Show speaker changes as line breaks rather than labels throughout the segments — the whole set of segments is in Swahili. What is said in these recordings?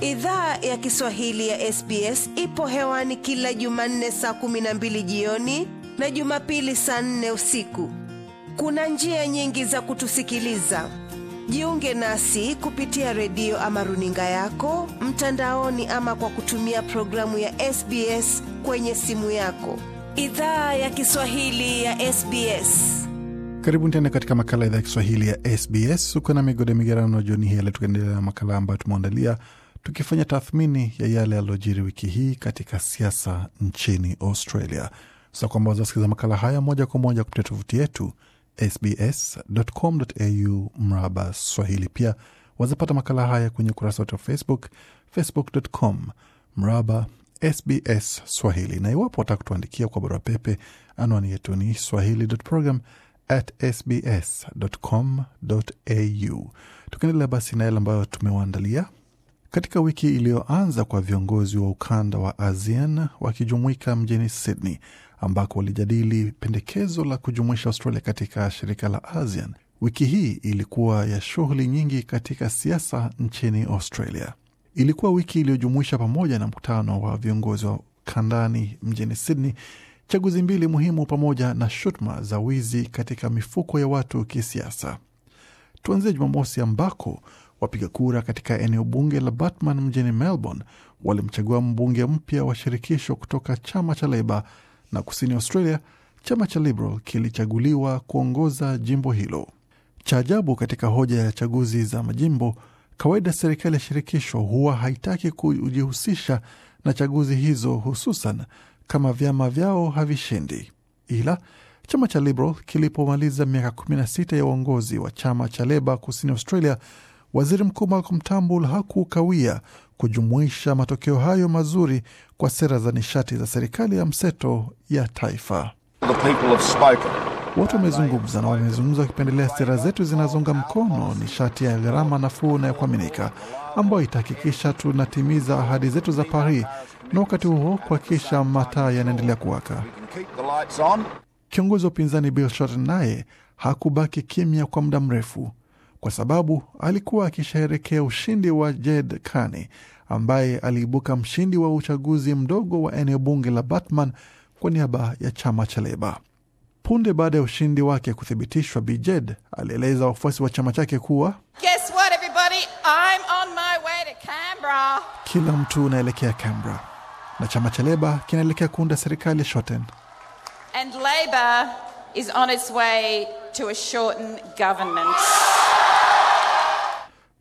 Idhaa ya Kiswahili ya SBS ipo hewani kila Jumanne saa kumi na mbili jioni na Jumapili saa nne usiku. Kuna njia nyingi za kutusikiliza. Jiunge nasi kupitia redio ama runinga yako mtandaoni, ama kwa kutumia programu ya SBS kwenye simu yako. Idhaa ya Kiswahili ya SBS. Karibuni tena katika makala idhaa ya Kiswahili ya SBS. Uko na Migode Migerano jioni Joni tukaendelea na makala ambayo tumeandalia tukifanya tathmini ya yale yaliyojiri wiki hii katika siasa nchini Australia. Sasa kwamba wazasikiza makala haya moja kwa moja kupitia tovuti yetu sbs.com.au mraba Swahili. Pia wazapata makala haya kwenye ukurasa wetu wa Facebook, facebook.com mraba SBS Swahili. Na iwapo wataka kutuandikia kwa barua pepe, anwani yetu ni swahili.program tukaendelea Tukiendelea basi na yale ambayo tumewaandalia katika wiki iliyoanza kwa viongozi wa ukanda wa ASEAN wakijumuika mjini Sydney ambako walijadili pendekezo la kujumuisha Australia katika shirika la ASEAN. Wiki hii ilikuwa ya shughuli nyingi katika siasa nchini Australia. Ilikuwa wiki iliyojumuisha pamoja na mkutano wa viongozi wa kandani mjini Sydney, chaguzi mbili muhimu, pamoja na shutuma za wizi katika mifuko ya watu kisiasa. Tuanzie Jumamosi ambako Wapiga kura katika eneo bunge la Batman mjini Melbourne walimchagua mbunge mpya wa shirikisho kutoka chama cha Leba, na kusini Australia chama cha Liberal kilichaguliwa kuongoza jimbo hilo. Cha ajabu katika hoja ya chaguzi za majimbo, kawaida serikali ya shirikisho huwa haitaki kujihusisha na chaguzi hizo, hususan kama vyama vyao havishindi. Ila chama cha Liberal kilipomaliza miaka 16 ya uongozi wa chama cha Leba kusini Australia, Waziri Mkuu Malcolm Turnbull hakukawia kujumuisha matokeo hayo mazuri kwa sera za nishati za serikali ya mseto ya taifa. Watu wamezungumza na wamezungumza wakipendelea sera zetu zinazounga mkono nishati ya gharama nafuu na ya kuaminika, ambayo itahakikisha tunatimiza ahadi zetu za Paris na wakati huo kuhakikisha mataa yanaendelea kuwaka. Kiongozi wa upinzani Bill Shorten naye hakubaki kimya kwa muda mrefu kwa sababu alikuwa akisherehekea ushindi wa Jed Kane ambaye aliibuka mshindi wa uchaguzi mdogo wa eneo bunge la Batman kwa niaba ya chama cha Leba. Punde baada ya ushindi wake kuthibitishwa, Bi Jed alieleza wafuasi wa chama chake kuwa kila mtu unaelekea Canberra na chama cha Leba kinaelekea kuunda serikali shorten. And is on its way to a government.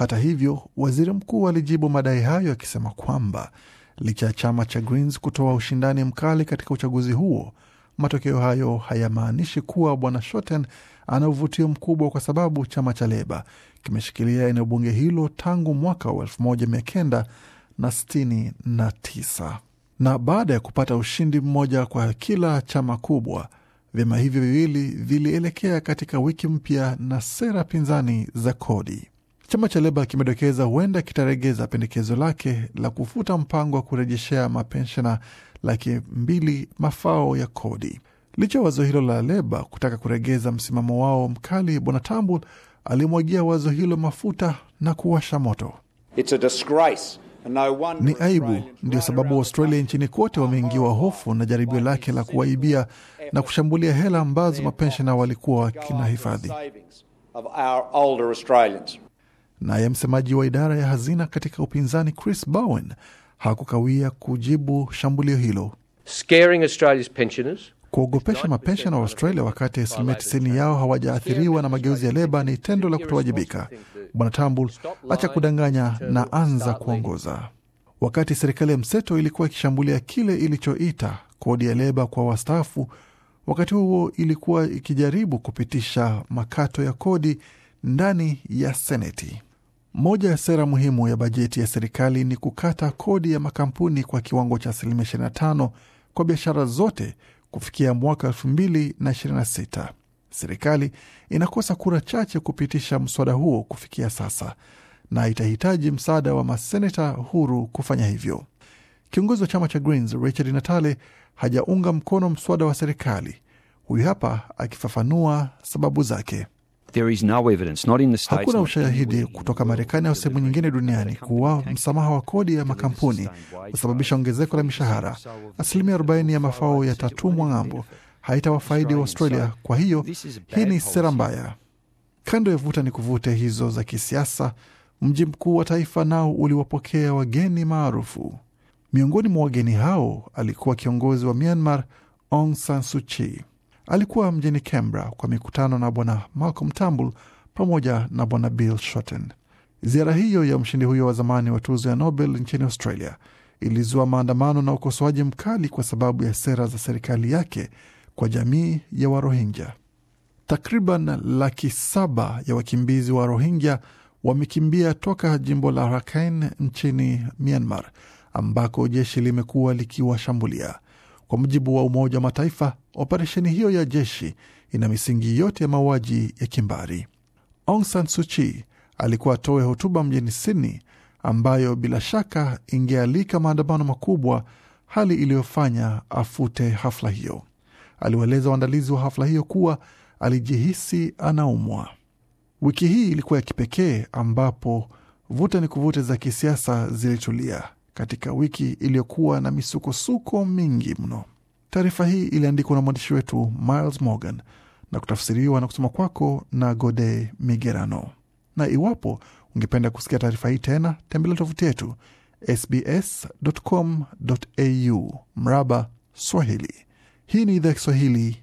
Hata hivyo, waziri mkuu alijibu madai hayo akisema kwamba licha ya chama cha Greens kutoa ushindani mkali katika uchaguzi huo, matokeo hayo hayamaanishi kuwa bwana Shoten ana uvutio mkubwa, kwa sababu chama cha Leba kimeshikilia eneo bunge hilo tangu mwaka wa 1969 na baada ya kupata ushindi mmoja kwa kila chama kubwa, vyama hivyo viwili vilielekea katika wiki mpya na sera pinzani za kodi. Chama cha Leba kimedokeza huenda kitaregeza pendekezo lake la kufuta mpango wa kurejeshea mapenshena laki mbili mafao ya kodi. Licha ya wazo hilo la Leba kutaka kuregeza msimamo wao mkali, Bwana Tambul alimwagia wazo hilo mafuta na kuwasha moto. It's a disgrace. No ni aibu. Ndio sababu Waustralia nchini kote wameingiwa hofu na jaribio lake la kuwaibia na kushambulia hela ambazo mapenshena walikuwa wakinahifadhi. Naye msemaji wa idara ya hazina katika upinzani Chris Bowen hakukawia kujibu shambulio hilo. Kuogopesha mapensheni wa Australia wakati asilimia tisini yao hawajaathiriwa na mageuzi ya leba ni tendo la kutowajibika. Bwana Tambul, acha kudanganya na anza kuongoza. Wakati serikali ya mseto ilikuwa ikishambulia kile ilichoita kodi ya leba kwa wastaafu, wakati huo ilikuwa ikijaribu kupitisha makato ya kodi ndani ya Seneti. Moja ya sera muhimu ya bajeti ya serikali ni kukata kodi ya makampuni kwa kiwango cha asilimia 25 kwa biashara zote kufikia mwaka 2026. Serikali inakosa kura chache kupitisha mswada huo kufikia sasa na itahitaji msaada wa maseneta huru kufanya hivyo. Kiongozi wa chama cha Greens Richard Natale hajaunga mkono mswada wa serikali. Huyu hapa akifafanua sababu zake. There is no evidence, not in the States. Hakuna ushahidi kutoka Marekani au sehemu nyingine duniani kuwa msamaha wa kodi ya makampuni husababisha ongezeko la mishahara. Asilimia 40 ya mafao yatatumwa ng'ambo, haitawafaidi wa Australia. Kwa hiyo hii ni sera mbaya. Kando ya vuta ni kuvute hizo za kisiasa, mji mkuu wa taifa nao uliwapokea wageni maarufu. Miongoni mwa wageni hao alikuwa kiongozi wa Myanmar Aung San Suu Kyi alikuwa mjini Canberra kwa mikutano na bwana Malcolm Turnbull pamoja na bwana Bill Shorten. Ziara hiyo ya mshindi huyo wa zamani wa tuzo ya Nobel nchini Australia ilizua maandamano na ukosoaji mkali kwa sababu ya sera za serikali yake kwa jamii ya Warohingya. Takriban laki saba ya wakimbizi wa Rohingya wamekimbia toka jimbo la Rakhine nchini Myanmar ambako jeshi limekuwa likiwashambulia. Kwa mujibu wa Umoja wa Mataifa, Operesheni hiyo ya jeshi ina misingi yote ya mauaji ya kimbari. Aung San Suu Kyi alikuwa atoe hotuba mjini Sydney ambayo bila shaka ingealika maandamano makubwa, hali iliyofanya afute hafla hiyo. Aliwaeleza waandalizi wa hafla hiyo kuwa alijihisi anaumwa. Wiki hii ilikuwa ya kipekee ambapo vuta ni kuvute za kisiasa zilitulia katika wiki iliyokuwa na misukosuko mingi mno. Taarifa hii iliandikwa na mwandishi wetu Miles Morgan na kutafsiriwa na kusoma kwako na Gode Migerano. Na iwapo ungependa kusikia taarifa hii tena, tembelea tovuti yetu sbs.com.au mraba Swahili. Hii ni idhaa Kiswahili